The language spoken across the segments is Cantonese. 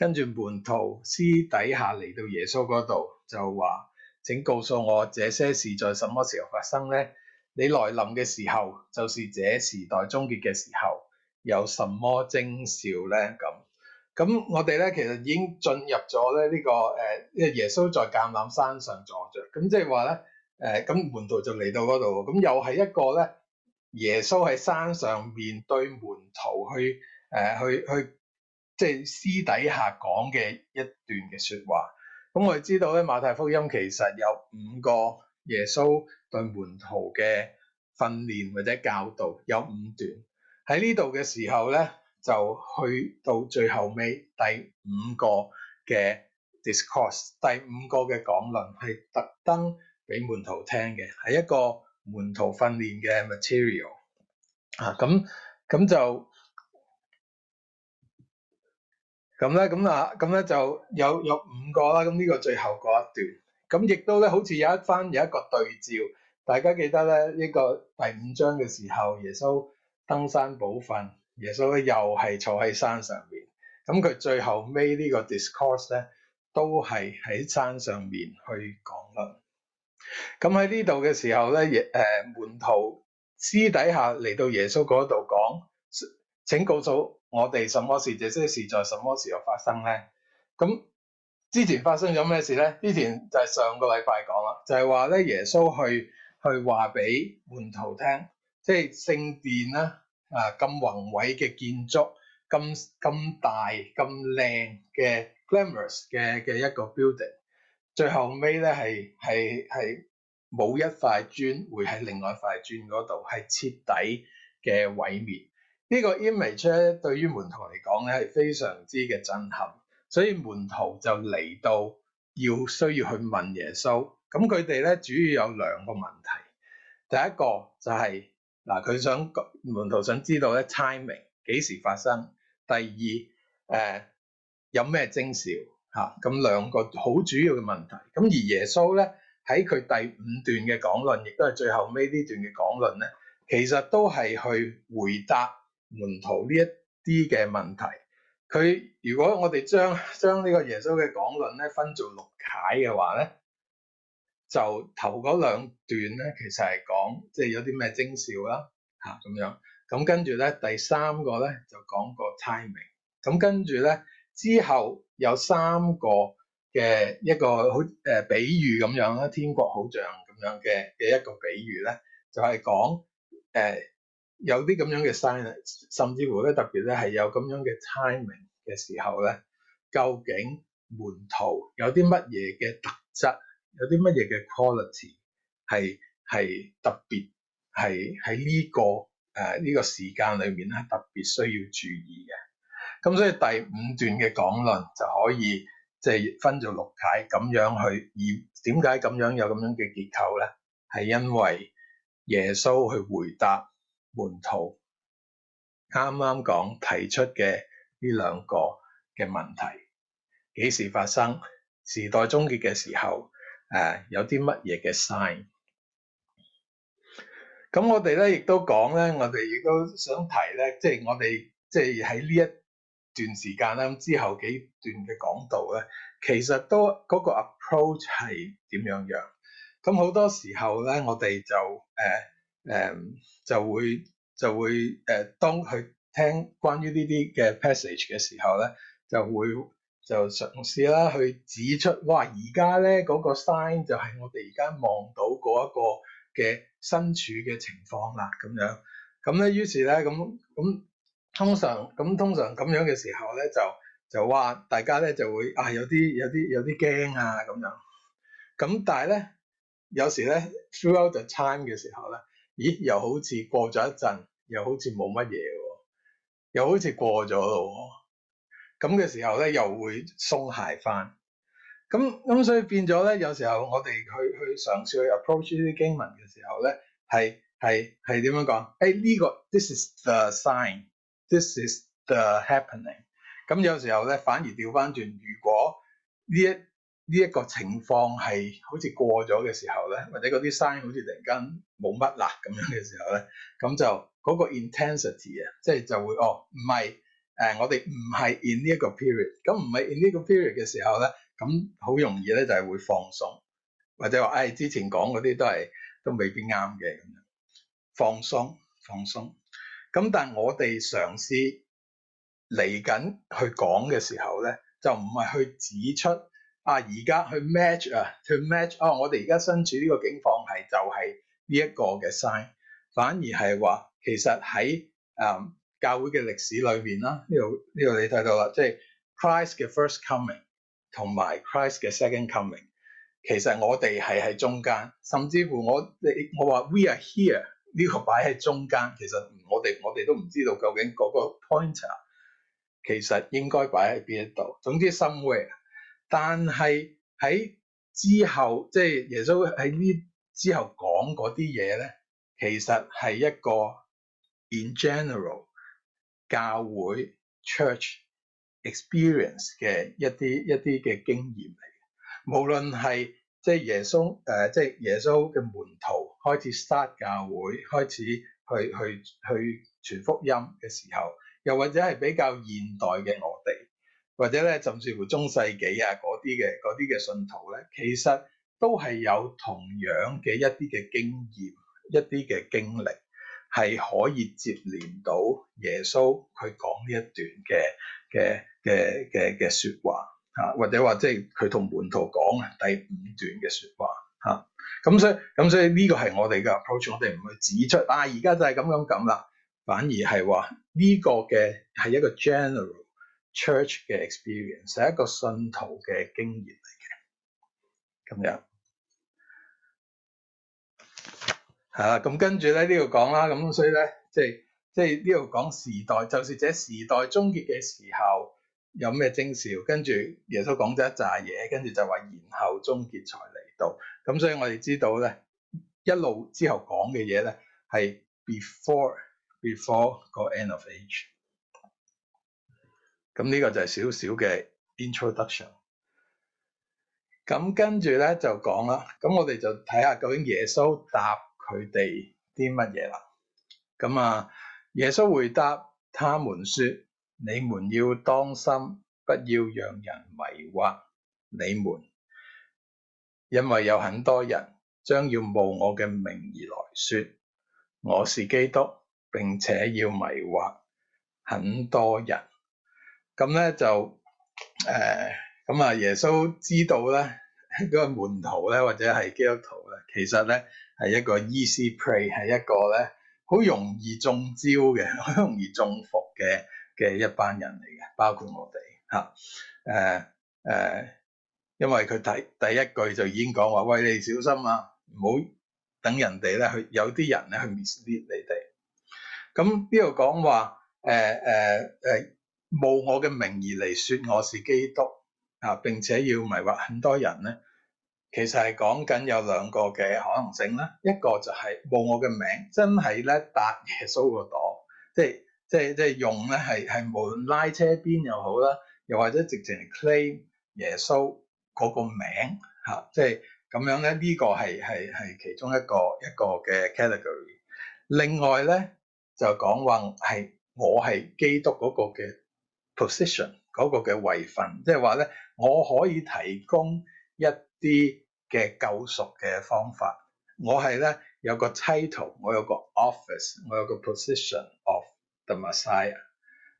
跟住門徒私底下嚟到耶穌嗰度，就話：請告訴我這些事在什麼時候發生呢？你來臨嘅時候，就是這時代終結嘅時候，有什麼徵兆呢？咁咁，我哋咧其實已經進入咗咧呢個誒，因為耶穌在橄欖山上坐着，咁即係話咧誒，咁門徒就嚟到嗰度，咁又係一個咧，耶穌喺山上面對門徒去誒去去。即係私底下講嘅一段嘅説話，咁我哋知道咧，《馬太福音》其實有五個耶穌對門徒嘅訓練或者教導，有五段喺呢度嘅時候咧，就去到最後尾第五個嘅 discourse，第五個嘅講論係特登俾門徒聽嘅，係一個門徒訓練嘅 material 啊，咁咁就。咁咧，咁啊，咁咧就有有五個啦。咁呢個最後嗰一段，咁亦都咧，好似有一番有一個對照。大家記得咧，呢、這個第五章嘅時候，耶穌登山寶訓，耶穌咧又係坐喺山上邊。咁佢最後尾個呢個 discourse 咧，都係喺山上邊去講啦。咁喺呢度嘅時候咧，亦誒、呃、門徒私底下嚟到耶穌嗰度講：請告訴。我哋什麼事？這些事在什麼時候發生咧？咁之前發生咗咩事咧？之前就係上個禮拜講啦，就係話咧耶穌去去話俾門徒聽，即係聖殿啦，啊咁宏偉嘅建築，咁咁大咁靚嘅 glamorous 嘅嘅一個 building，最後尾咧係係係冇一塊磚會喺另外一塊磚嗰度，係徹底嘅毀滅。呢個 image 對於門徒嚟講咧係非常之嘅震撼，所以門徒就嚟到要需要去問耶穌。咁佢哋咧主要有兩個問題，第一個就係嗱，佢想門徒想知道咧 timing 幾時發生，第二誒、呃、有咩徵兆嚇。咁、啊、兩個好主要嘅問題。咁而耶穌咧喺佢第五段嘅講論，亦都係最後尾呢段嘅講論咧，其實都係去回答。門徒呢一啲嘅問題，佢如果我哋將將呢個耶穌嘅講論咧分做六楷嘅話咧，就頭嗰兩段咧其實係講即係有啲咩徵兆啦，吓、啊、咁樣，咁、嗯、跟住咧第三個咧就講個 timing，咁、嗯、跟住咧之後有三個嘅一個好誒、呃、比喻咁樣啦，天國好像咁樣嘅嘅一個比喻咧，就係講誒。呃有啲咁樣嘅 sign，甚至乎咧特別咧係有咁樣嘅 timing 嘅時候咧，究竟門徒有啲乜嘢嘅特質，有啲乜嘢嘅 quality 係係特別係喺呢個誒呢、呃呢個時間裏面咧特別需要注意嘅。咁所以第五段嘅講論就可以即係、就係、分咗六解咁樣去而點解咁樣有咁樣嘅結構咧？係因為耶穌去回答。門徒啱啱講提出嘅呢兩個嘅問題，幾時發生？時代終結嘅時候，誒、呃、有啲乜嘢嘅 sign？咁我哋咧亦都講咧，我哋亦都想提咧，即、就、係、是、我哋即係喺呢一段時間啦，之後幾段嘅講道咧，其實都嗰、那個 approach 係點樣樣？咁好多時候咧，我哋就誒。呃誒、um，就會就會誒，uh, 當佢聽關於呢啲嘅 passage 嘅時候咧，就會就嘗試啦去指出，哇！而家咧嗰個 sign 就係我哋而家望到嗰一個嘅身處嘅情況啦，咁樣。咁咧，於是咧，咁咁通常咁通常咁樣嘅時候咧，就就話大家咧就會啊，有啲有啲有啲驚啊，咁樣。咁但係咧，有時咧 throughout the time 嘅時候咧。咦，又好似過咗一陣，又好似冇乜嘢喎，又好似過咗咯喎。咁嘅時候咧，又會鬆懈翻。咁咁所以變咗咧，有時候我哋去去嘗試去 approach 呢啲經文嘅時候咧，係係係點樣講？誒、hey, 呢、呢個 this is the sign，this is the happening。咁有時候咧，反而調翻轉，如果呢一呢一個情況係好似過咗嘅時候咧，或者嗰啲 sign 好似突然間冇乜啦咁樣嘅時候咧，咁就嗰、嗰個 intensity 啊，即係就會哦唔係誒，我哋唔係 in 呢一個 period，咁唔係 in 呢個 period 嘅時候咧，咁好容易咧就係、係、會放鬆，或者話誒、哎、之前講嗰啲都係都未必啱嘅咁樣，放鬆放鬆。咁但係我哋嘗試嚟緊去講嘅時候咧，就唔係去指出。啊！而家去 match,、uh, to match 啊，去 match、oh, 啊，我哋而家身處呢個境況係就係、是、呢一個嘅 sign，反而係話其實喺誒、um, 教會嘅歷史裏邊啦，呢度呢度你睇到啦，即、就、係、是、Christ 嘅 first coming 同埋 Christ 嘅 second coming，其實我哋係喺中間，甚至乎我你我話 we are here 呢個擺喺中間，其實我哋我哋都唔知道究竟嗰個 pointer 其實應該擺喺邊一度，總之 somewhere。但係喺之後，即係耶穌喺呢之後講嗰啲嘢咧，其實係一個 in general 教會 church experience 嘅一啲一啲嘅經驗嚟。無論係即係耶穌誒，即係耶穌嘅門徒開始 start 教會，開始去去去傳福音嘅時候，又或者係比較現代嘅我哋。或者咧，甚至乎中世紀啊，嗰啲嘅啲嘅信徒咧，其實都係有同樣嘅一啲嘅經驗、一啲嘅經歷，係可以接連到耶穌佢講呢一段嘅嘅嘅嘅嘅説話嚇、啊，或者話即係佢同門徒講第五段嘅説話嚇。咁、啊、所以咁所以呢個係我哋嘅 approach，我哋唔去指出啊，而家就係咁樣咁啦，反而係話呢個嘅係一個 general。Church 嘅 experience，係一個信徒嘅經驗嚟嘅。咁樣係啦，咁跟住咧，呢度講啦，咁所以咧即係即係呢度講時代，就是者時代終結嘅時候有咩徵兆。跟住耶穌講咗一紮嘢，跟住就話然後終結才嚟到。咁所以我哋知道咧，一路之後講嘅嘢咧係 before before the end of age。咁呢、嗯這個就係少少嘅 introduction。咁、嗯、跟住咧就講啦。咁、嗯、我哋就睇下究竟耶穌答佢哋啲乜嘢啦。咁、嗯、啊，耶穌回答他們說：你們要當心，不要讓人迷惑你們，因為有很多人將要冒我嘅名而來說我是基督，並且要迷惑很多人。咁咧就誒咁啊！耶穌知道咧，嗰個門徒咧或者係基督徒咧，其實咧係一個 easy prey，係一個咧好容易中招嘅、好容易中伏嘅嘅一班人嚟嘅，包括我哋嚇誒誒，因為佢第第一句就已經講話：喂，你小心啊，唔好等人哋咧去有啲人咧去 mislead 你哋。咁呢度講話誒誒誒。冒我嘅名義嚟說我是基督啊，並且要迷惑很多人咧，其實係講緊有兩個嘅可能性啦。一個就係冒我嘅名，真係咧搭耶穌個朵，即係即係即係用咧係係無論拉車邊又好啦，又或者直情係 claim 耶穌嗰個名吓，即係咁樣咧，呢個係係係其中一個一個嘅 category。另外咧就講話係我係基督嗰個嘅。position 嗰個嘅位份，即係話咧，我可以提供一啲嘅救贖嘅方法。我係咧有個 title，我有個 office，我有個 position of the Messiah。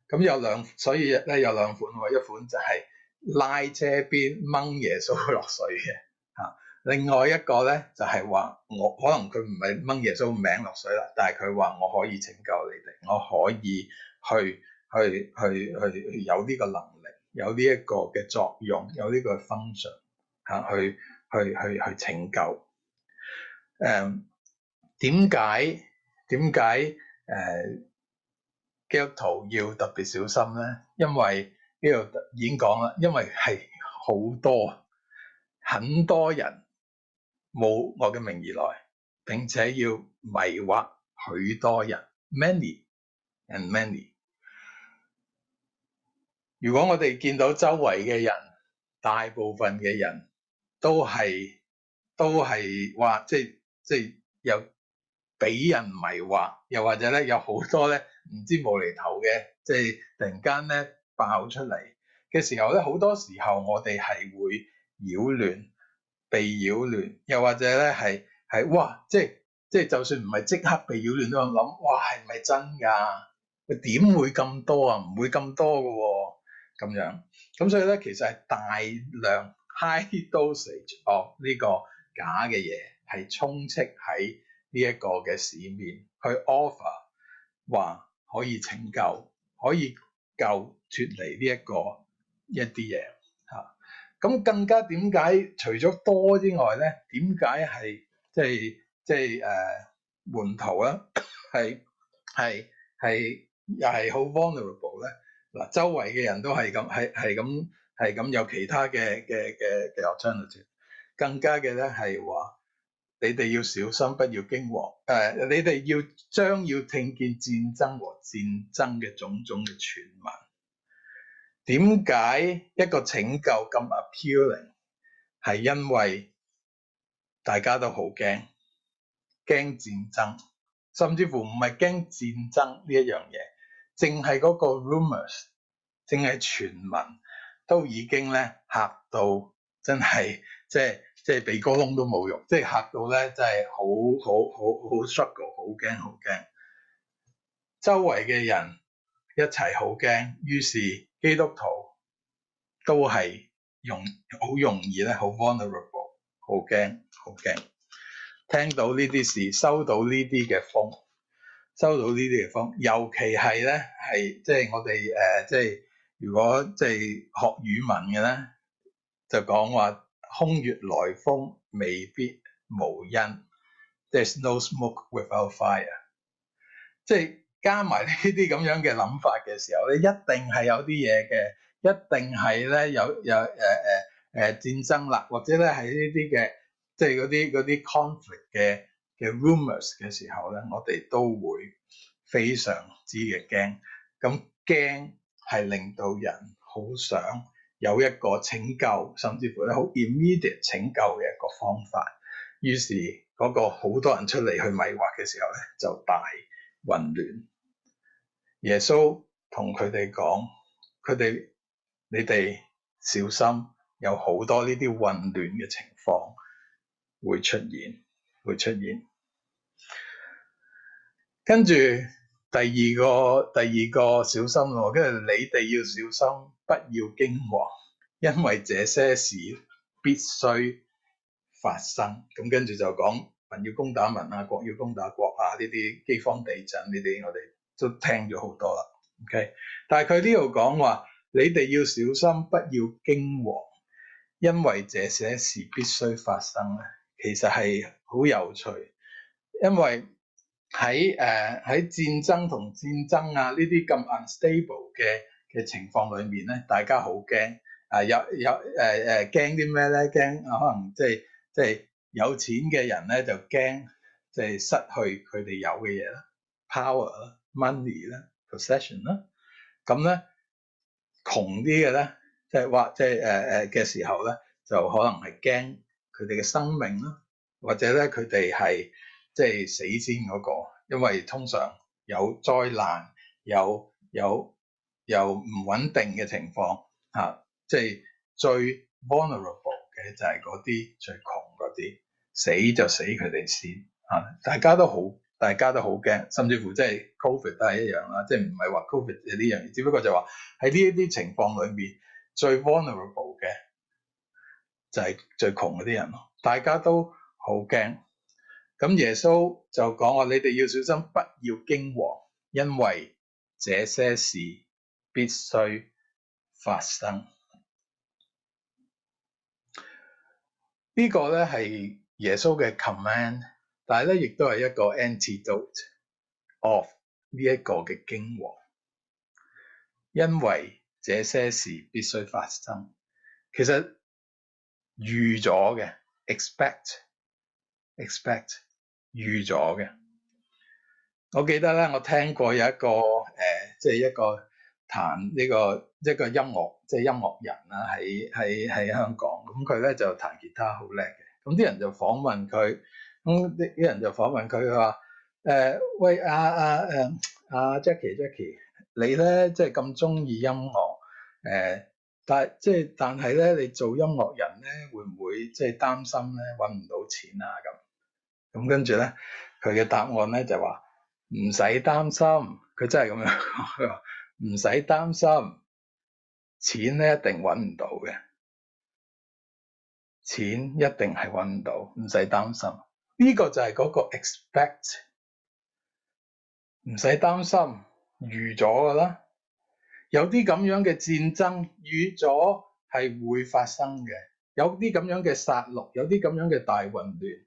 咁有兩，所以咧有兩款，我一款就係拉車邊掹耶穌落水嘅吓、啊，另外一個咧就係、是、話我可能佢唔係掹耶穌名落水啦，但係佢話我可以拯救你哋，我可以去。去去去有呢個能力，有呢一個嘅作用，有呢個 function 嚇，去去去去拯救。誒點解點解誒基督徒要特別小心咧？因為呢度已經講啦，因為係好多很多人冇我嘅名而來，並且要迷惑許多人，many and many。如果我哋見到周圍嘅人，大部分嘅人都係都係話，即係即係有俾人迷惑，又或者咧有好多咧唔知無厘頭嘅，即係突然間咧爆出嚟嘅時候咧，好多時候我哋係會擾亂，被擾亂，又或者咧係係哇，即係即係就算唔係即刻被擾亂，都咁諗哇，係咪真㗎？佢點會咁多啊？唔會咁多嘅喎、哦。咁樣，咁所以咧，其實係大量 high dosage 哦，呢個假嘅嘢係充斥喺呢一個嘅市面，去 offer 話可以拯救，可以救脫離呢一個一啲嘢嚇。咁更加點解，除咗多之外咧，點解係即係即係誒門徒啊，係係係又係好 vulnerable 咧？嗱，周圍嘅人都係咁，係係咁，係咁，有其他嘅嘅嘅嘅落窗度更加嘅咧係話你哋要小心，不要驚惶。誒、呃，你哋要將要聽見戰爭和戰爭嘅種種嘅傳聞。點解一個拯救咁 appealing？係因為大家都好驚驚戰爭，甚至乎唔係驚戰爭呢一樣嘢。淨係嗰個 rumors，淨係傳聞，都已經咧嚇到真係，即係即係鼻哥窿都冇用，即係嚇到咧，真係好好好好 shock 好驚好驚。周圍嘅人一齊好驚，於是基督徒都係容好容易咧，好 vulnerable，好驚好驚。聽到呢啲事，收到呢啲嘅風。收到呢啲地方，尤其係咧係即係我哋誒即係如果即係學語文嘅咧，就講話空穴來風未必無因，There's no smoke without fire，即係加埋呢啲咁樣嘅諗法嘅時候，你一定係有啲嘢嘅，一定係咧有有誒誒誒戰爭啦，或者咧係呢啲嘅即係嗰啲嗰啲 conflict 嘅。嘅 rumors 嘅時候咧，我哋都會非常之嘅驚。咁驚係令到人好想有一個拯救，甚至乎咧好 immediate 拯救嘅一個方法。於是嗰個好多人出嚟去迷惑嘅時候咧，就大混亂。耶穌同佢哋講：佢哋，你哋小心，有好多呢啲混亂嘅情況會出現，會出現。跟住第二個，第二個小心咯，跟住你哋要小心，不要驚慌，因為這些事必須發生。咁跟住就講民要攻打民啊，國要攻打國啊，呢啲饑荒、地震呢啲，我哋都聽咗好多啦。OK，但係佢呢度講話你哋要小心，不要驚慌，因為這些事必須發生咧。其實係好有趣。因為喺誒喺戰爭同戰爭啊呢啲咁 unstable 嘅嘅情況裡面咧，大家好驚啊！有有誒誒驚啲咩咧？驚、啊、可能即係即係有錢嘅人咧就驚即係失去佢哋有嘅嘢啦，power 啦、啊、money 啦、possession 啦。咁咧窮啲嘅咧即係話即係誒誒嘅時候咧就可能係驚佢哋嘅生命啦，或者咧佢哋係。即係死先嗰個，因為通常有災難、有有有唔穩定嘅情況嚇，即係最 vulnerable 嘅就係嗰啲最窮嗰啲，死就死佢哋先嚇，大家都好大家都好驚，甚至乎即係 COVID 都係一樣啦，即係唔係話 COVID 係呢樣嘢，只不過就係話喺呢一啲情況裏面最 vulnerable 嘅就係最窮嗰啲人咯，大家都好驚。咁耶穌就講話：你哋要小心，不要驚惶，因為這些事必須發生。這個、呢個咧係耶穌嘅 command，但係咧亦都係一個 antidote of 呢一個嘅驚惶，因為這些事必須發生。其實預咗嘅 expect，expect。預咗嘅，我記得咧，我聽過有一個誒、呃，即係一個彈呢個一個音樂，即係音樂人啦，喺喺喺香港。咁佢咧就彈吉他好叻嘅。咁啲人就訪問佢，咁啲啲人就訪問佢，佢話：誒、呃，喂阿阿、啊、誒阿、啊啊、Jackie Jackie 你咧即係咁中意音樂，誒、呃，但係即係但係咧，你做音樂人咧，會唔會即係擔心咧揾唔到錢啊？咁咁跟住咧，佢嘅答案咧就話唔使擔心，佢真係咁樣。佢話唔使擔心，錢咧一定搵唔到嘅，錢一定係搵唔到，唔使擔心。呢個就係嗰個 expect，唔使擔心，預咗噶啦。有啲咁樣嘅戰爭預咗係會發生嘅，有啲咁樣嘅殺戮，有啲咁樣嘅大混亂。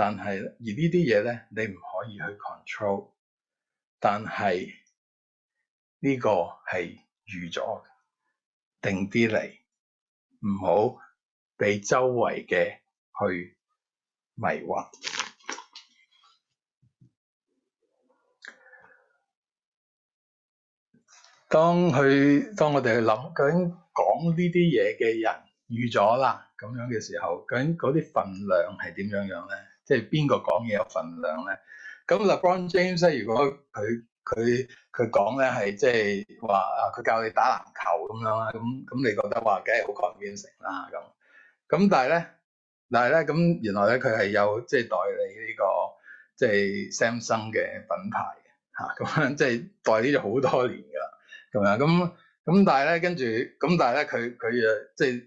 但係，而呢啲嘢咧，你唔可以去 control。但係呢個係預咗定啲嚟，唔好俾周圍嘅去迷惑。當去當我哋去諗究竟講呢啲嘢嘅人預咗啦，咁樣嘅時候，究竟嗰啲份量係點樣樣咧？即係邊個講嘢有份量咧？咁 LeBron James 如果佢佢佢講咧係即係話啊，佢教你打籃球咁樣啦，咁咁你覺得話梗係好抗 o 成 v 啦咁。咁但係咧，但係咧咁原來咧佢係有即係代理呢、這個即係、就是、s a m s u n 嘅品牌嚇，咁樣即係代理咗好多年㗎啦，咁樣咁咁但係咧跟住咁但係咧佢佢誒即係。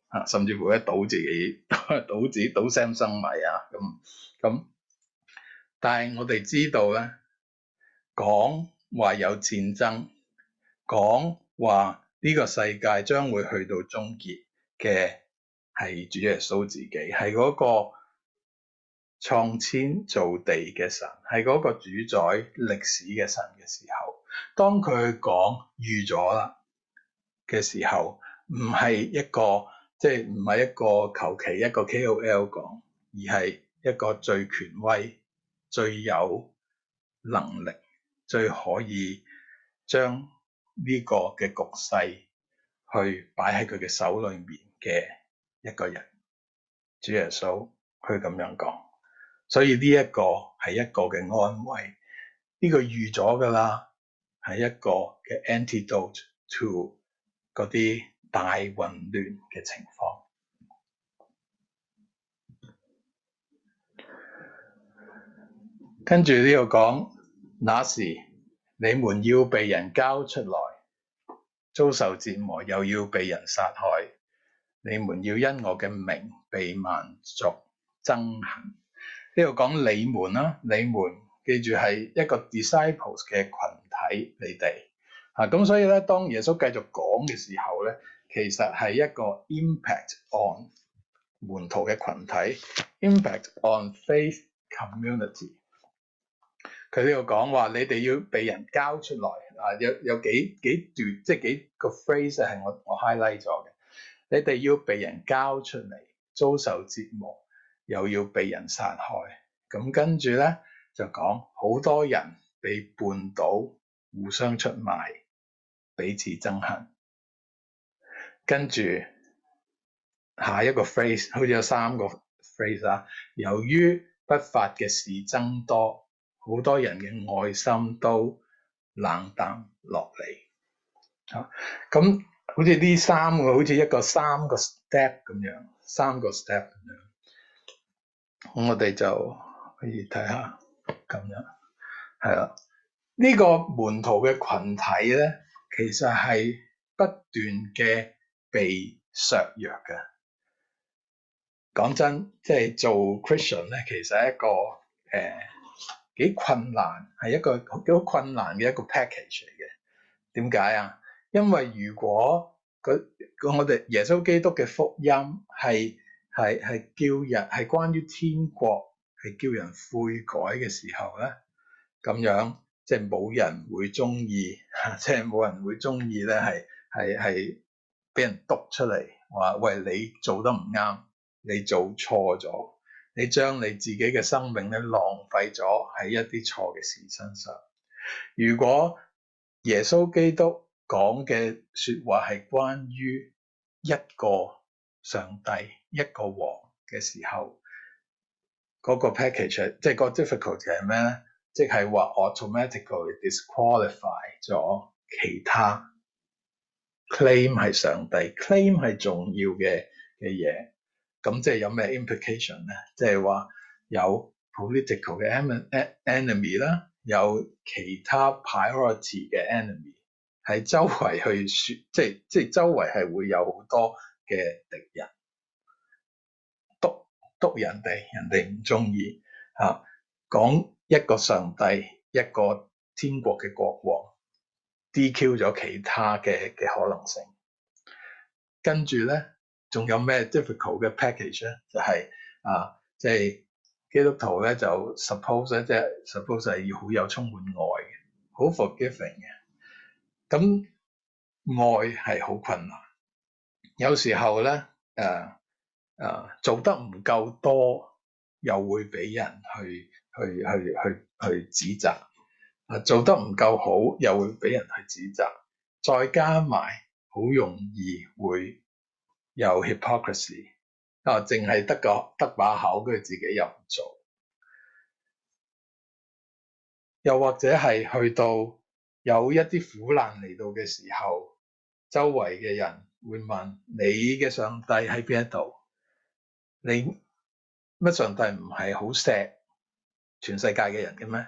啊，甚至乎一倒自己，倒自己倒，自己倒生生米啊！咁咁，但係我哋知道咧，講話有戰爭，講話呢個世界將會去到終結嘅，係主耶穌自己，係嗰個創天造地嘅神，係嗰個主宰歷史嘅神嘅時候，當佢講預咗啦嘅時候，唔係一個。即係唔係一個求其一個 KOL 講，而係一個最權威、最有能力、最可以將呢個嘅局勢去擺喺佢嘅手裏面嘅一個人。主耶穌佢咁樣講，所以呢一個係一個嘅安慰，呢個預咗㗎啦，係一個嘅 antidote to 嗰啲。大混亂嘅情況，跟住呢度講，那時你們要被人交出來，遭受折磨，又要被人殺害，你們要因我嘅名被萬族憎恨。呢度講你們啦、啊，你們記住係一個 disciples 嘅群體，你哋啊，咁所以咧，當耶穌繼續講嘅時候咧。其實係一個 impact on 門徒嘅群體，impact on faith community。佢呢度講話，你哋要被人交出來。啊，有有幾幾段即係幾個 phrase 係我我 highlight 咗嘅。你哋要被人交出嚟，遭受折磨，又要被人殺害。咁跟住咧就講，好多人被絆倒，互相出賣，彼此憎恨。跟住下一個 phrase，好似有三個 phrase 啦。由於不法嘅事增多，好多人嘅愛心都冷淡落嚟。吓，咁好似呢三個，好似一個三個 step 咁樣，三個 step 咁樣。咁我哋就可以睇下咁樣，係啦。呢個門徒嘅群體咧，其實係不斷嘅。被削弱嘅，講真，即係做 Christian 咧，其實係一個誒幾、呃、困難，係一個幾困難嘅一個 package 嚟嘅。點解啊？因為如果我哋耶穌基督嘅福音係係係叫人係關於天國係叫人悔改嘅時候咧，咁樣即係冇人會中意，即係冇人會中意咧，係係係。俾人督出嚟，話喂，你做得唔啱，你做錯咗，你將你自己嘅生命咧浪費咗喺一啲錯嘅事身上。如果耶穌基督講嘅説話係關於一個上帝、一個王嘅時候，嗰個 package 即係個 difficulty 係咩咧？即係話 automatically disqualify 咗其他。claim 係上帝，claim 係重要嘅嘅嘢，咁即係有咩 implication 咧？即係話有 political 嘅 enemy 啦，有其他 priority 嘅 enemy，喺周圍去説，即係即係周圍係會有好多嘅敵人，督督人哋，人哋唔中意嚇，講一個上帝，一個天國嘅國王。DQ 咗其他嘅嘅可能性，跟住咧仲有咩 difficult 嘅 package 咧？就係啊，即係基督徒咧就 suppose 咧即係 suppose 係要好有充滿愛嘅，好 forgiving 嘅。咁愛係好困難，有時候咧誒誒做得唔夠多，又會俾人去去去去去指責。做得唔夠好，又會俾人去指責，再加埋好容易會有 hypocrisy 啊！淨係得個得把口，佢自己又唔做，又或者係去到有一啲苦難嚟到嘅時候，周圍嘅人會問你嘅上帝喺邊一度？你乜上帝唔係好錫全世界嘅人嘅咩？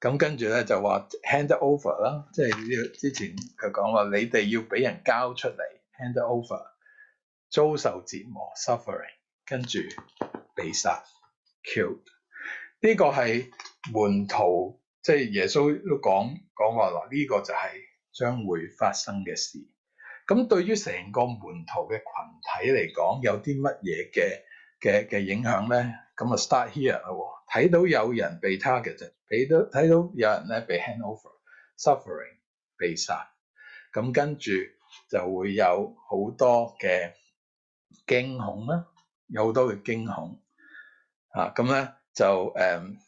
咁跟住咧就話 hand over 啦，即係之前佢講話你哋要俾人交出嚟 hand over，遭受折磨 suffering，跟住被殺 killed，呢個係門徒，即係耶穌都講講話，呢個就係將會發生嘅事。咁對於成個門徒嘅群體嚟講，有啲乜嘢嘅嘅嘅影響咧？咁啊，start here 啦喎，睇到有人被 target，睇到睇到有人咧被 hand over，suffering 被殺，咁跟住就會有好多嘅驚恐啦，有好多嘅驚恐嚇，咁咧就誒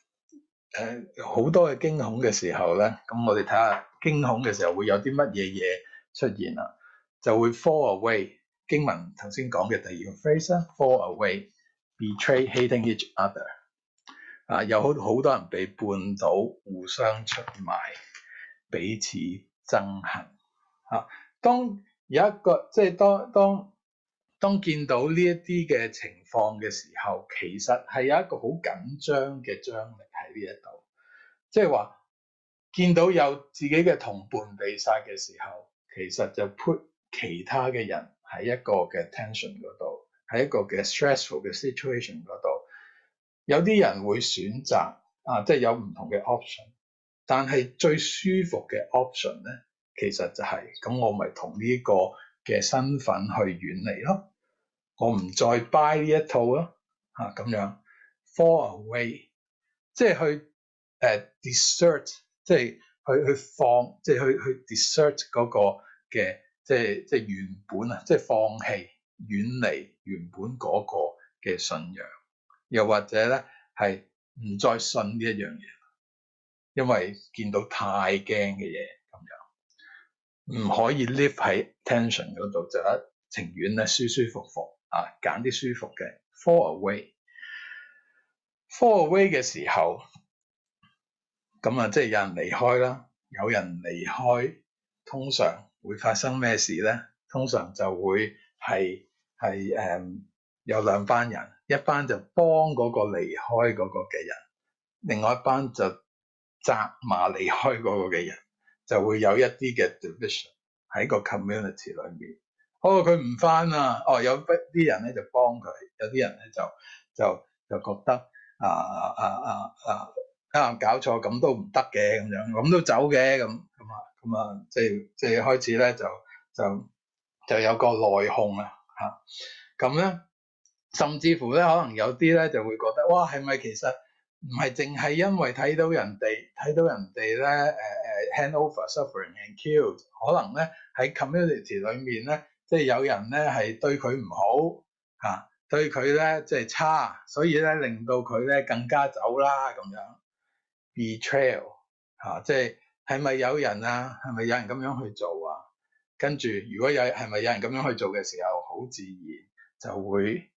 誒好多嘅驚恐嘅時候咧，咁我哋睇下驚恐嘅時候會有啲乜嘢嘢出現啦，就會 fall away，經文頭先講嘅第二個 phrase 啦，fall away。betray hating each other，啊，有好好多人被絆倒，互相出賣，彼此憎恨。啊，當有一個即係當當當見到呢一啲嘅情況嘅時候，其實係有一個好緊張嘅張力喺呢一度，即係話見到有自己嘅同伴被殺嘅時候，其實就 put 其他嘅人喺一個嘅 tension 嗰度。喺一個嘅 stressful 嘅 situation 嗰度，有啲人會選擇啊，即係有唔同嘅 option，但係最舒服嘅 option 咧，其實就係、是、咁，我咪同呢個嘅身份去遠離咯，我唔再 buy 呢一套咯，嚇、啊、咁樣 fall away，即係去誒、uh, desert，即係去去放，即係去去 desert 嗰個嘅，即係即係原本啊，即係放棄。遠離原本嗰個嘅信仰，又或者咧係唔再信呢一樣嘢，因為見到太驚嘅嘢，咁樣唔可以 live 喺 tension 嗰度，就一情願咧舒舒服服啊，揀啲舒服嘅 fall away。fall away 嘅時候，咁啊，即係有人離開啦，有人離開，通常會發生咩事咧？通常就會係。係誒、嗯，有兩班人，一班就幫嗰個離開嗰個嘅人，另外一班就責罵離開嗰個嘅人，就會有一啲嘅 division 喺個 community 裏面。哦，佢唔翻啊！哦，有啲人咧就幫佢，有啲人咧就就就覺得啊啊啊啊啱、啊、搞錯，咁都唔得嘅咁樣，咁都走嘅咁咁啊咁啊，即係即係開始咧就就就有個內訌啊。吓咁咧，甚至乎咧，可能有啲咧就會覺得，哇，係咪其實唔係淨係因為睇到人哋，睇到人哋咧，誒、uh, 誒 hand over suffering and killed，可能咧喺 community 裏面咧，即係有人咧係對佢唔好吓、啊、對佢咧即係差，所以咧令到佢咧更加走啦咁樣 betrayal 吓、啊、即係係咪有人啊？係咪有人咁樣去做啊？跟住如果有係咪有人咁樣去做嘅時候？好自然就會，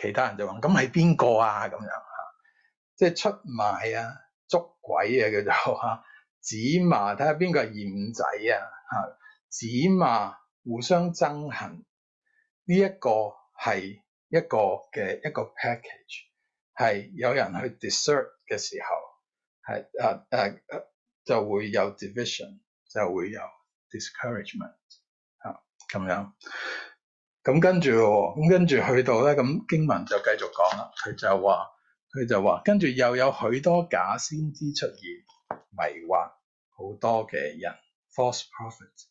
其他人就話：咁係邊個啊？咁樣嚇、啊，即係出賣啊、捉鬼啊，叫做嚇。指罵睇下邊個係賢仔啊嚇，指、啊、罵互相憎恨，呢、這個、一個係一個嘅一個 package，係有人去 desert 嘅時候，係誒誒，就會有 division，就會有 discouragement，嚇、啊、咁樣。咁跟住，咁跟住去到咧，咁經文就繼續講啦。佢就話，佢就話，跟住又有許多假先知出現，迷惑好多嘅人。False prophets，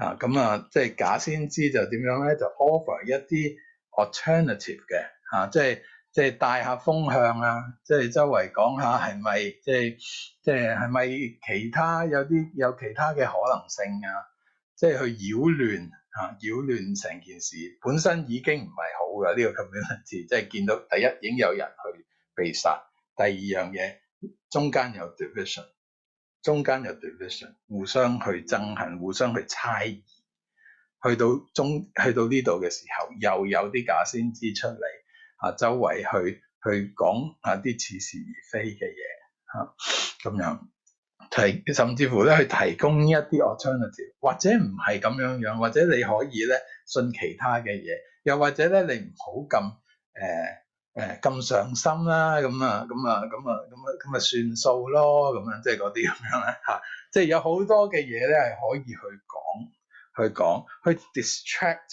嚇咁啊、嗯、啊，即係假先知就點樣咧？就 offer 一啲 alternative 嘅嚇、啊，即係即係帶下風向啊，即係周圍講下係咪，即係即係係咪其他有啲有其他嘅可能性啊，即係去擾亂。啊！擾亂成件事本身已經唔係好嘅，呢、這個咁樣字，即係見到第一已經有人去被殺，第二樣嘢中間有 division，中間有 division，互相去憎恨，互相去猜疑，去到中去到呢度嘅時候，又有啲假先知出嚟，啊，周圍去去講啊啲似是而非嘅嘢，嚇、啊、咁樣。提甚至乎咧去提供一啲 alternative，或者唔係咁樣樣，或者你可以咧信其他嘅嘢，又或者咧你唔好咁誒誒咁上心啦，咁啊咁啊咁啊咁啊咁啊算數咯，咁樣即係嗰啲咁樣咧、啊、嚇，即係有好多嘅嘢咧係可以去講去講去 distract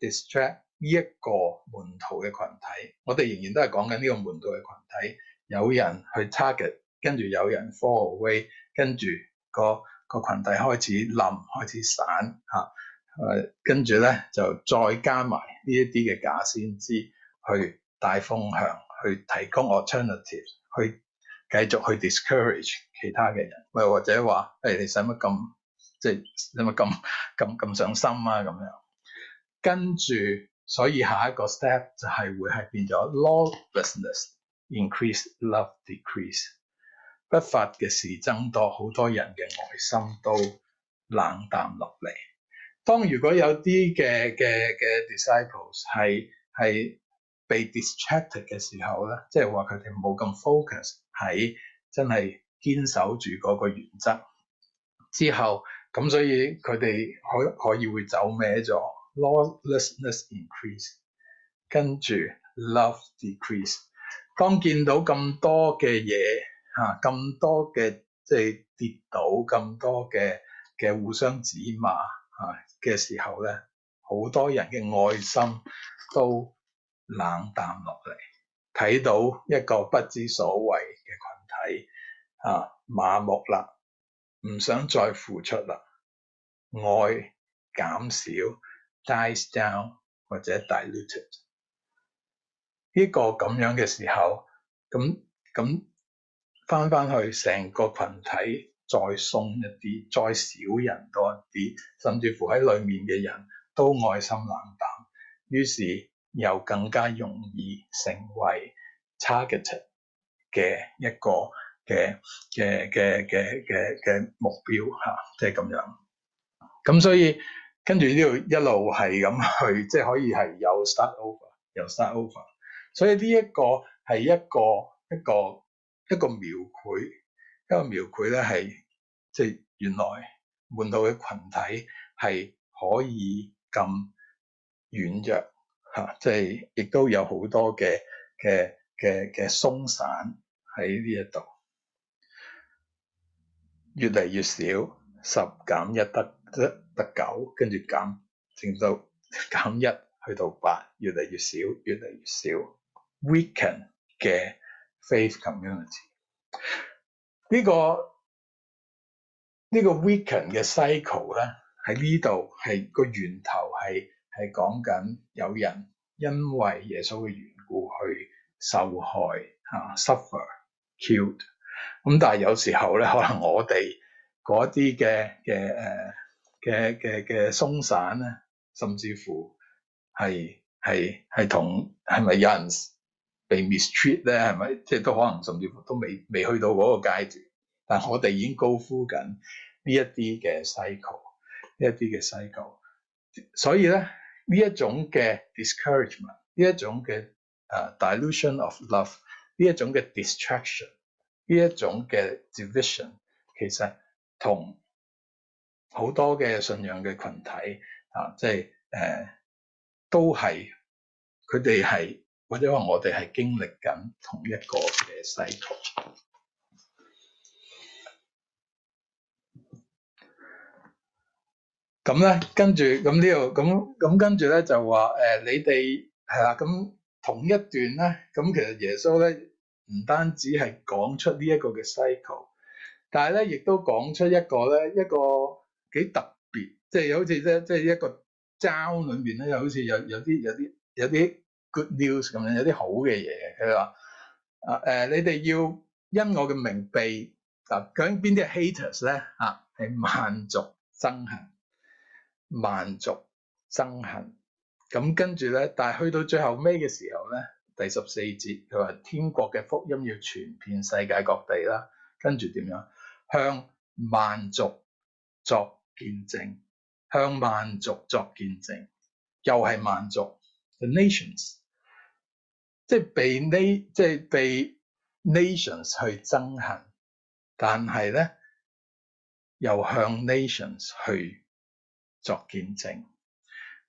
distract 呢一個門徒嘅群體，我哋仍然都係講緊呢個門徒嘅群體，有人去 target。跟住有人 fall away 跟住個個羣體開始冧，開始散嚇。誒、啊，跟住咧就再加埋呢一啲嘅假先知去帶風向，去提供 alternative，去繼續去 discourage 其他嘅人，或者話誒、哎、你使乜咁即係你咪咁咁咁上心啊咁樣。跟住所以下一個 step 就係會係變咗 lawlessness increase love decrease。不法嘅事增多，好多人嘅內心都冷淡落嚟。當如果有啲嘅嘅嘅 disciples 係係被 distracted 嘅時候咧，即係話佢哋冇咁 focus 喺真係堅守住嗰個原則之後，咁所以佢哋可以可以會走歪咗，lawlessness increase，跟住 love decrease。當見到咁多嘅嘢，嚇咁、啊、多嘅即係跌倒，咁多嘅嘅互相指罵嚇嘅、啊、時候咧，好多人嘅愛心都冷淡落嚟，睇到一個不知所謂嘅群體嚇、啊、麻木啦，唔想再付出啦，愛減少，die down 或者 diluted 呢個咁樣嘅時候，咁咁。返返去成個群體再鬆一啲，再少人多一啲，甚至乎喺裡面嘅人都愛心冷淡，於是又更加容易成為 target 嘅一個嘅嘅嘅嘅嘅嘅目標嚇，即係咁樣。咁所以跟住呢度一路係咁去，即係可以係又 start over，又 start over。所以呢一個係一個一個。一個一個描繪，一個描繪咧係即係原來滿澳嘅羣體係可以咁軟弱嚇，即係亦都有好多嘅嘅嘅嘅鬆散喺呢一度，越嚟越少，十減一得得得九，跟住減，剩到減一去到八，越嚟越少，越嚟越少，weaken 嘅。faith community 呢個呢個 weakened 嘅 cycle 咧，喺呢度係個源頭，係係講緊有人因為耶穌嘅緣故去受害吓、uh, suffer killed 咁。但係有時候咧，可能我哋嗰啲嘅嘅誒嘅嘅嘅鬆散咧，甚至乎係係係同係咪有人被 mistreat 咧，係咪？即係都可能，甚至乎都未未去到嗰個階段。但我哋已經高呼緊呢一啲嘅 cycle，呢一啲嘅 cycle。所以咧，呢一種嘅 discouragement，呢一種嘅啊 dilution of love，呢一種嘅 distraction，呢一種嘅 division，其實同好多嘅信仰嘅群體啊，即係誒、呃、都係佢哋係。或者話我哋係經歷緊同一個嘅 cycle，咁咧跟住咁呢度咁咁跟住咧就話誒你哋係啦，咁同一段咧，咁其實耶穌咧唔單止係講出呢一個嘅 cycle，但係咧亦都講出一個咧一個幾特別，即係好似即即係一個章裏邊咧，又好似有有啲有啲有啲。Good news, 咁樣有啲好嘅嘢，佢話誒你哋要因我嘅名被、啊、究竟邊啲係 haters 咧啊，係萬族憎恨萬族憎恨，咁跟住咧，但係去到最後尾嘅時候咧，第十四節佢話天國嘅福音要傳遍世界各地啦，跟住點樣向萬族作見證，向萬族作見證，又係萬族 the nations。即係被呢，即係被 nations 去憎恨，但係咧又向 nations 去作見證，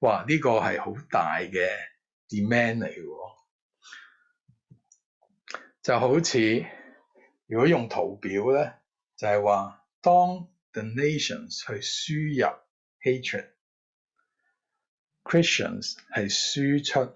哇！呢、呢個係好大嘅 demand 嚟，就好似如果用圖表咧，就係、係、話當 the nations 去輸入 hatred，Christians 係輸出。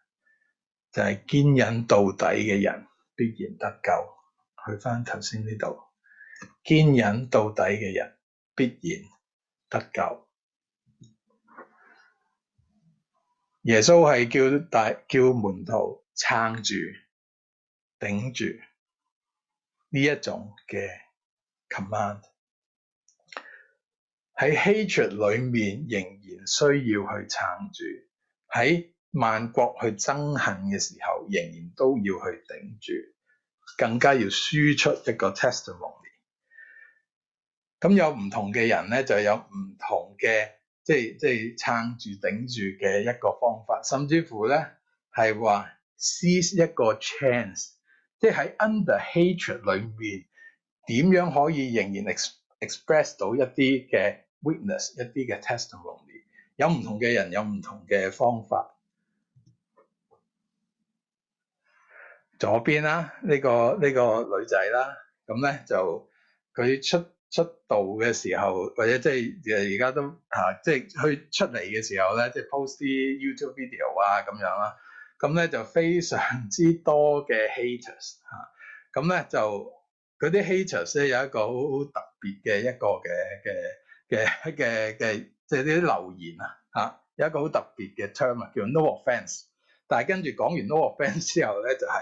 就係堅忍到底嘅人必然得救。去翻頭先呢度，堅忍到底嘅人必然得救。耶穌係叫大叫門徒撐住、頂住呢一種嘅 command。喺 hatred 裏面仍然需要去撐住喺。萬國去憎恨嘅時候，仍然都要去頂住，更加要輸出一個 testimony。咁有唔同嘅人咧，就有唔同嘅，即係即係撐住頂住嘅一個方法，甚至乎咧係話 see 一個 chance，即係喺 under hatred 裏面，點樣可以仍然 express 到一啲嘅 witness，一啲嘅 testimony。有唔同嘅人，有唔同嘅方法。左邊啦，呢個呢個女仔啦，咁咧就佢出出道嘅時候，或者即係誒而家都嚇，即係去出嚟嘅時候咧，即係 post 啲 YouTube video 啊咁樣啦，咁咧就非常之多嘅 haters 嚇，咁咧就嗰啲 haters 咧有一個好特別嘅一個嘅嘅嘅嘅嘅，即係啲留言啊嚇，有一個好特別嘅 term 啊，叫 no offense，但係跟住講完 no offense 之後咧就係。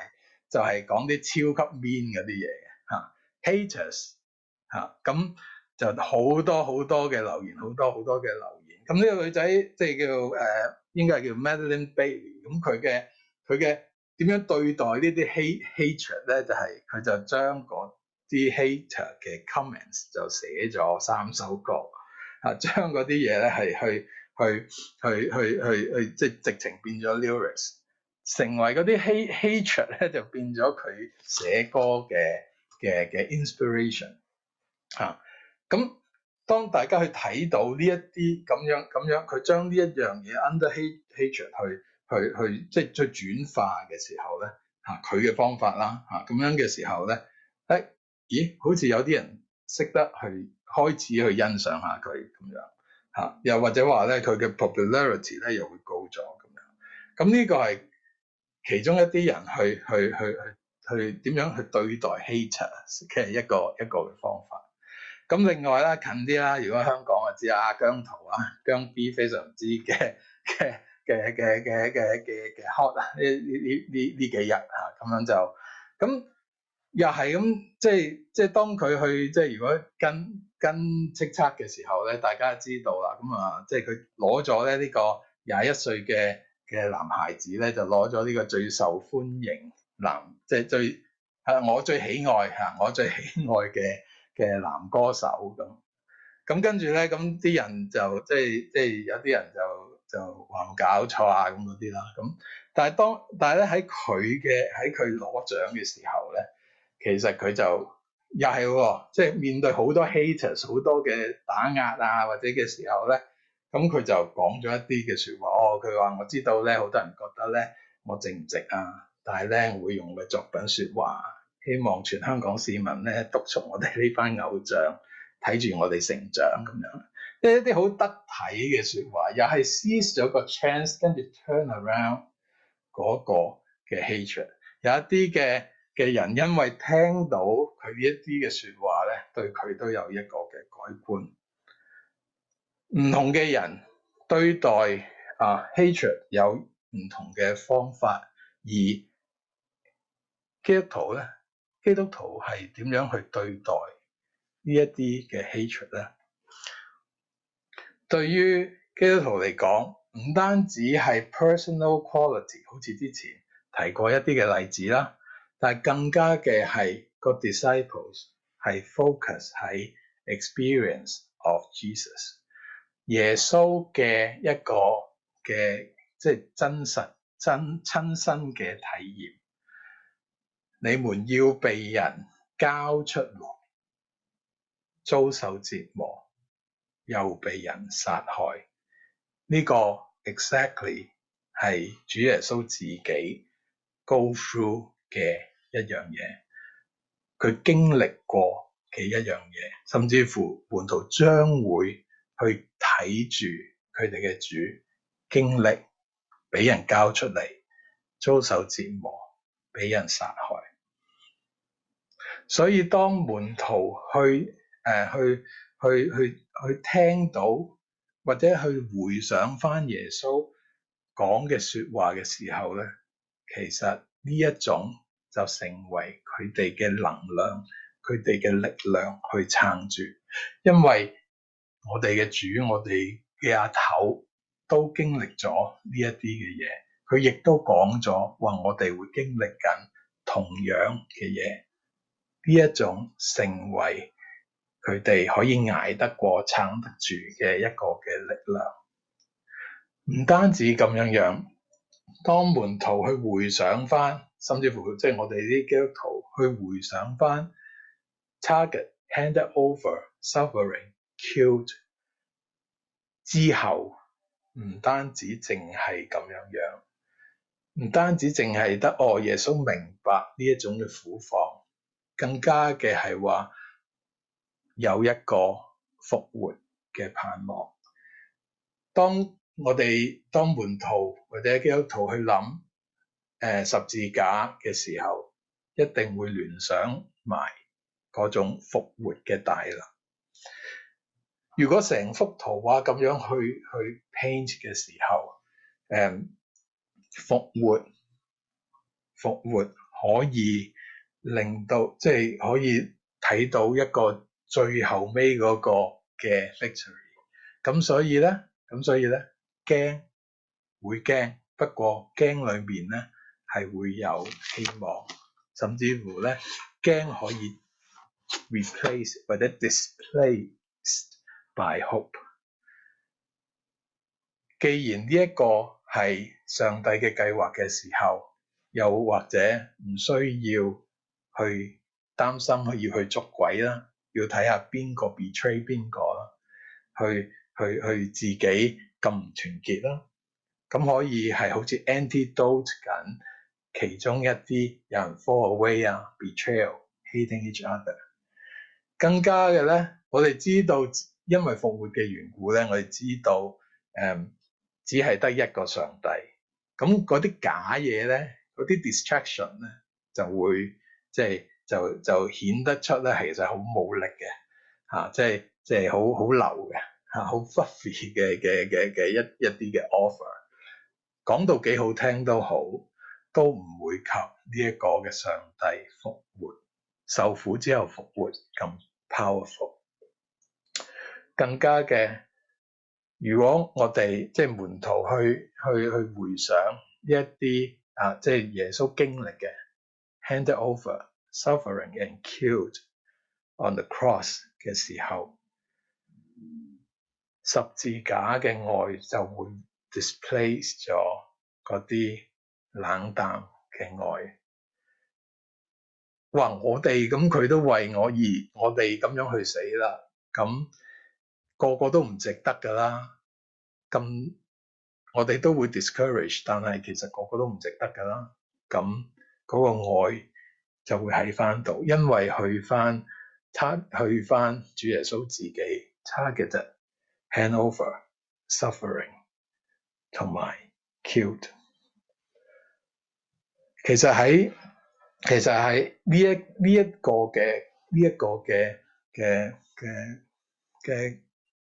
就係講啲超級 mean 嗰啲嘢嘅嚇，haters 嚇，咁、啊啊、就好多好多嘅留言，好多好多嘅留言。咁呢個女仔即係叫誒、呃，應該係叫 Madeline b a b y 咁佢嘅佢嘅點樣對待 ate，呢啲 hate hatred 咧？就係、是、佢就將嗰啲 hater 嘅 comments 就寫咗三首歌嚇，將嗰啲嘢咧係去去去去去去，即係直情變咗 lyrics。成為嗰啲 hatred 咧，就變咗佢寫歌嘅嘅嘅 inspiration 啊！咁當大家去睇到呢一啲咁樣咁樣，佢將呢一樣嘢 under hatred 去去去，即係去轉化嘅時候咧，嚇佢嘅方法啦嚇咁樣嘅時候咧，誒、啊、咦好似有啲人識得去開始去欣賞下佢咁樣嚇，又或者話咧佢嘅 popularity 咧又會高咗咁樣，咁呢個係。其中一啲人去去去去去點樣去對待 Hater 嘅一個一個嘅方法。咁另外咧近啲啦，如果香港就知啦，姜濤啊、姜 B 非常之嘅嘅嘅嘅嘅嘅嘅 hot 呢呢呢呢呢幾日嚇咁、啊、樣就咁、嗯、又係咁即係即係當佢去即係如果跟跟叱咤嘅時候咧，大家知道啦。咁啊，即係佢攞咗咧呢個廿一歲嘅。嘅男孩子咧，就攞咗呢個最受歡迎男，即係最嚇我最喜愛嚇我最喜愛嘅嘅男歌手咁，咁跟住咧咁啲人就即係即係有啲人就就話搞錯啊，咁嗰啲啦，咁但係當但係咧喺佢嘅喺佢攞獎嘅時候咧，其實佢就又係即係面對好多 haters 好多嘅打壓啊或者嘅時候咧。咁佢就講咗一啲嘅説話，哦，佢話我知道咧，好多人覺得咧，我值唔值啊？但係咧，會用嘅作品説話，希望全香港市民咧督促我哋呢班偶像，睇住我哋成長咁樣，即係一啲好得體嘅説話，又係 seize 咗個 chance，跟住 turn around 嗰個嘅 hatred。有一啲嘅嘅人因為聽到佢呢一啲嘅説話咧，對佢都有一個嘅改觀。唔同嘅人對待啊，uh, hatred 有唔同嘅方法，而基督徒咧，基督徒係點樣去對待呢一啲嘅 hatred 咧？對於基督徒嚟講，唔單止係 personal quality，好似之前提過一啲嘅例子啦，但係更加嘅係個 disciples 係 focus 喺 experience of Jesus。耶穌的一個嘅即係真實，真，親身的體驗。你們要被人交出來，遭受折磨，又被人殺害。這個 exactly 係主耶穌自己 go through 的一樣東西。佢經歷過的一樣東西，甚至乎門徒將會去睇住佢哋嘅主，經歷俾人交出嚟，遭受折磨，俾人殺害。所以當門徒去誒、呃、去去去去，去聽到或者去回想返耶穌講嘅説話嘅時候咧，其實呢一種就成為佢哋嘅能量，佢哋嘅力量去撐住，因為，我哋嘅主，我哋嘅阿頭都經歷咗呢一啲嘅嘢，佢亦都講咗話，我哋會經歷緊同樣嘅嘢。呢一種成為佢哋可以捱得過撐得住嘅一個嘅力量，唔單止咁樣樣。當門徒去回想翻，甚至乎即係我哋啲基督徒去回想翻，Target hand over suffering。Killed 之後唔單止淨係咁樣樣，唔單止淨係得哦，耶穌明白呢一種嘅苦況，更加嘅係話有一個復活嘅盼望。當我哋當門徒或者基督徒去諗誒、呃、十字架嘅時候，一定會聯想埋嗰種復活嘅大能。如果成幅圖畫咁樣去去 paint 嘅時候，誒復活復活可以令到即係可以睇到一個最後尾嗰個嘅 victory。咁所以咧，咁所以咧驚會驚，不過驚裏面咧係會有希望，甚至乎咧驚可以 replace 或者 displace。大哭。My hope. 既然呢一個係上帝嘅計劃嘅時候，又或者唔需要去擔心要去捉鬼啦，要睇下邊個 betray 邊個啦，去去去自己咁唔團結啦，咁可以係好似 antidote 緊其中一啲有人 fall away 啊，betrayal，hating each other。更加嘅咧，我哋知道。因為復活嘅緣故咧，我哋知道，誒，只係得一個上帝。咁嗰啲假嘢咧，嗰啲 distraction 咧，就會即係就就顯得出咧，其實好冇力嘅，嚇，即係即係好好流嘅，嚇，好 fuzzy 嘅嘅嘅嘅一一啲嘅 offer，講到幾好聽都好，都唔會及呢一個嘅上帝復活，受苦之後復活咁 powerful。更加嘅，如果我哋即係門徒去去去回想呢一啲啊，即係耶穌經歷嘅 hand over suffering and killed on the cross 嘅時候，十字架嘅愛就會 displace 咗嗰啲冷淡嘅愛。話我哋咁佢都為我而我哋咁樣去死啦，咁、嗯。個個都唔值得噶啦，咁我哋都會 discourage，但係其實個個都唔值得噶啦。咁嗰個愛就會喺翻度，因為去翻差，去翻主耶穌自己差嘅啫，hand over suffering，同埋 killed。其實喺其實喺呢一呢一個嘅呢一個嘅嘅嘅嘅。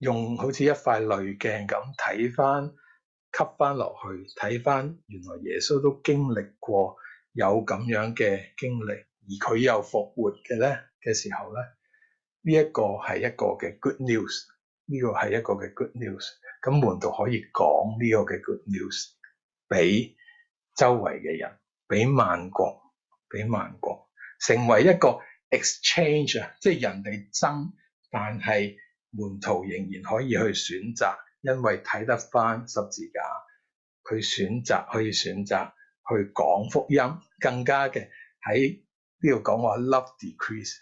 用好似一塊濾鏡咁睇翻，吸翻落去睇翻，原來耶穌都經歷過有咁樣嘅經歷，而佢又復活嘅咧嘅時候咧，呢、這個、一個係一個嘅 good news，呢個係一個嘅 good news。咁門徒可以講呢個嘅 good news 俾周圍嘅人，俾萬國，俾萬國，成為一個 exchange，即係人哋爭，但係。門徒仍然可以去選擇，因為睇得返十字架，佢選擇可以選擇去講福音，更加嘅喺呢度講話 love decrease，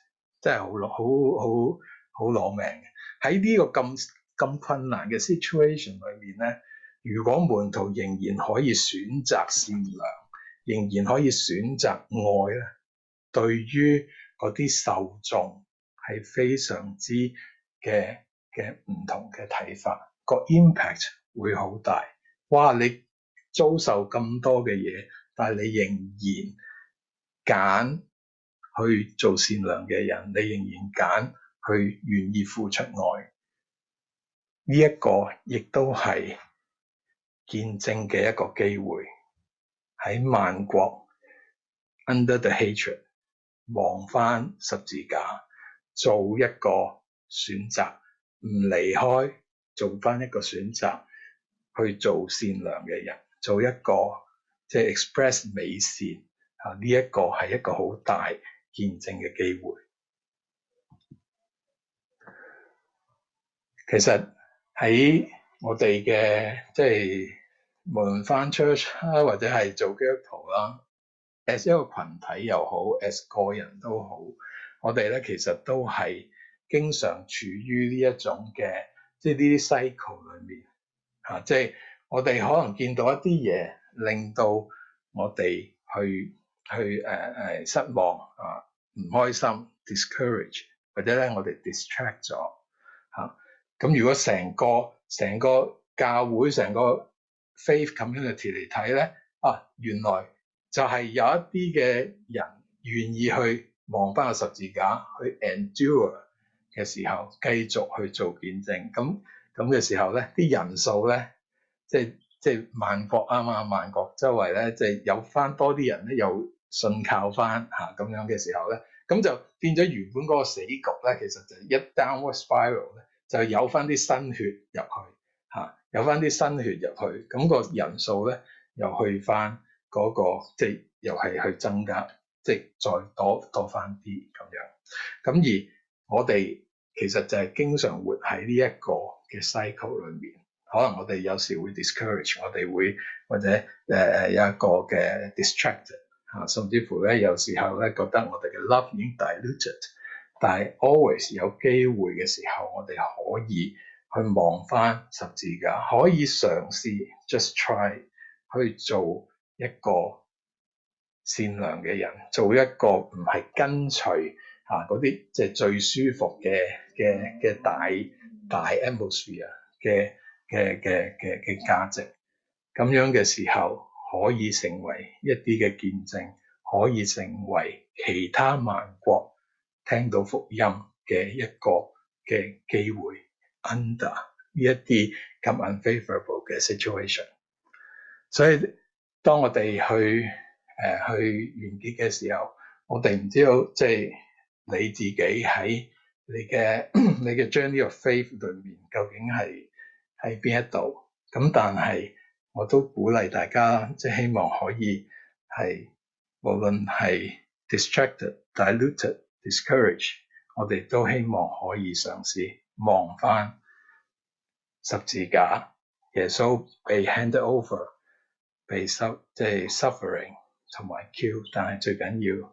真係好攞好好好攞命嘅。喺呢個咁咁困難嘅 situation 裏面咧，如果門徒仍然可以選擇善良，仍然可以選擇愛咧，對於嗰啲受眾係非常之～嘅嘅唔同嘅睇法，個 impact 會好大。哇！你遭受咁多嘅嘢，但係你仍然揀去做善良嘅人，你仍然揀去願意付出愛，呢、這、一個亦都係見證嘅一個機會。喺萬國 under the hatred，望翻十字架，做一個。選擇唔離開，做翻一個選擇去做善良嘅人，做一個即係、就是、express 美善啊！呢一個係一個好大見證嘅機會。其實喺我哋嘅即係無論翻 church 啦，或者係做基督徒啦，as 一個群體又好，as 個人都好，我哋咧其實都係。經常處於呢一種嘅即係呢啲 cycle 裏面，嚇、啊，即係我哋可能見到一啲嘢，令到我哋去去誒誒、啊啊、失望啊，唔開心，discourage，或者咧我哋 distract 咗嚇。咁、啊、如果成個成個教會成個 faith community 嚟睇咧，啊，原來就係有一啲嘅人願意去望翻個十字架，去 endure。嘅時候繼續去做見證，咁咁嘅時候咧，啲人數咧，即係即係萬國啱啱萬國周圍咧，即係有翻多啲人咧，又信靠翻嚇咁樣嘅時候咧，咁就變咗原本嗰個死局咧，其實就係一 downward spiral 咧，就有翻啲新血入去嚇、啊，有翻啲新血入去，咁個人數咧又去翻嗰個，即係又係去增加，即係再多多翻啲咁樣，咁而我哋。其實就係經常活喺呢一個嘅 cycle 裏面，可能我哋有時會 discourage，我哋會或者誒誒、呃、有一個嘅 distracted 嚇、啊，甚至乎咧有時候咧覺得我哋嘅 love 已經 diluted，但係 always 有機會嘅時候，我哋可以去望翻十字架，可以嘗試 just try 去做一個善良嘅人，做一個唔係跟隨。啊！嗰啲即係最舒服嘅嘅嘅大大 e m b o s p h e r e 嘅嘅嘅嘅嘅價值，咁樣嘅時候可以成為一啲嘅見證，可以成為其他萬國聽到福音嘅一個嘅機會。Under 呢一啲咁 unfavorable 嘅 situation，所以當我哋去誒、呃、去完結嘅時候，我哋唔知道即係。你自己喺你嘅 你嘅 journey of faith 裏面究竟係喺邊一度？咁但係我都鼓勵大家，即係希望可以係無論係 distracted、diluted、discouraged，我哋都希望可以嘗試望翻十字架，耶穌被 hand over 被受即係 suffering 同埋 Q，但係最緊要。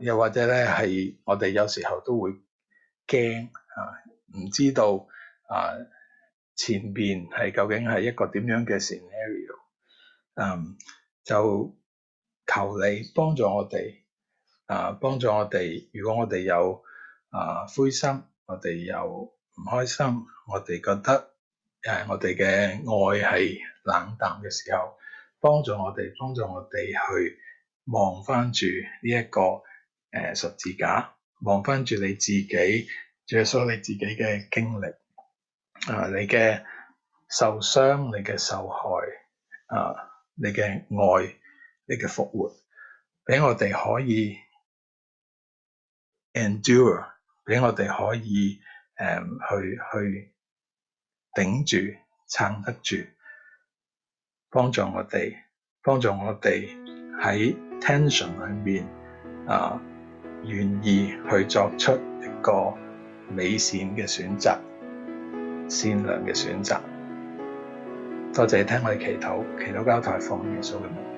又或者咧，係我哋有時候都會驚啊，唔知道啊前邊係究竟係一個點樣嘅 scenario，嗯，就求你幫助我哋啊，幫助我哋。如果我哋有啊灰心，我哋有唔開心，我哋覺得誒我哋嘅愛係冷淡嘅時候，幫助我哋，幫助我哋去望翻住呢一個，誒十字架，望翻住你自己，耶穌你自己嘅經歷，啊，你嘅受傷，你嘅受害，啊，你嘅愛，你嘅復活，俾我哋可以 endure，俾我哋可以誒、嗯、去去頂住撐得住，幫助我哋，幫助我哋喺 tension 裏面啊～願意去作出一個美善嘅選擇，善良嘅選擇。多謝你聽我哋祈禱，祈禱交託放喺耶穌嘅名。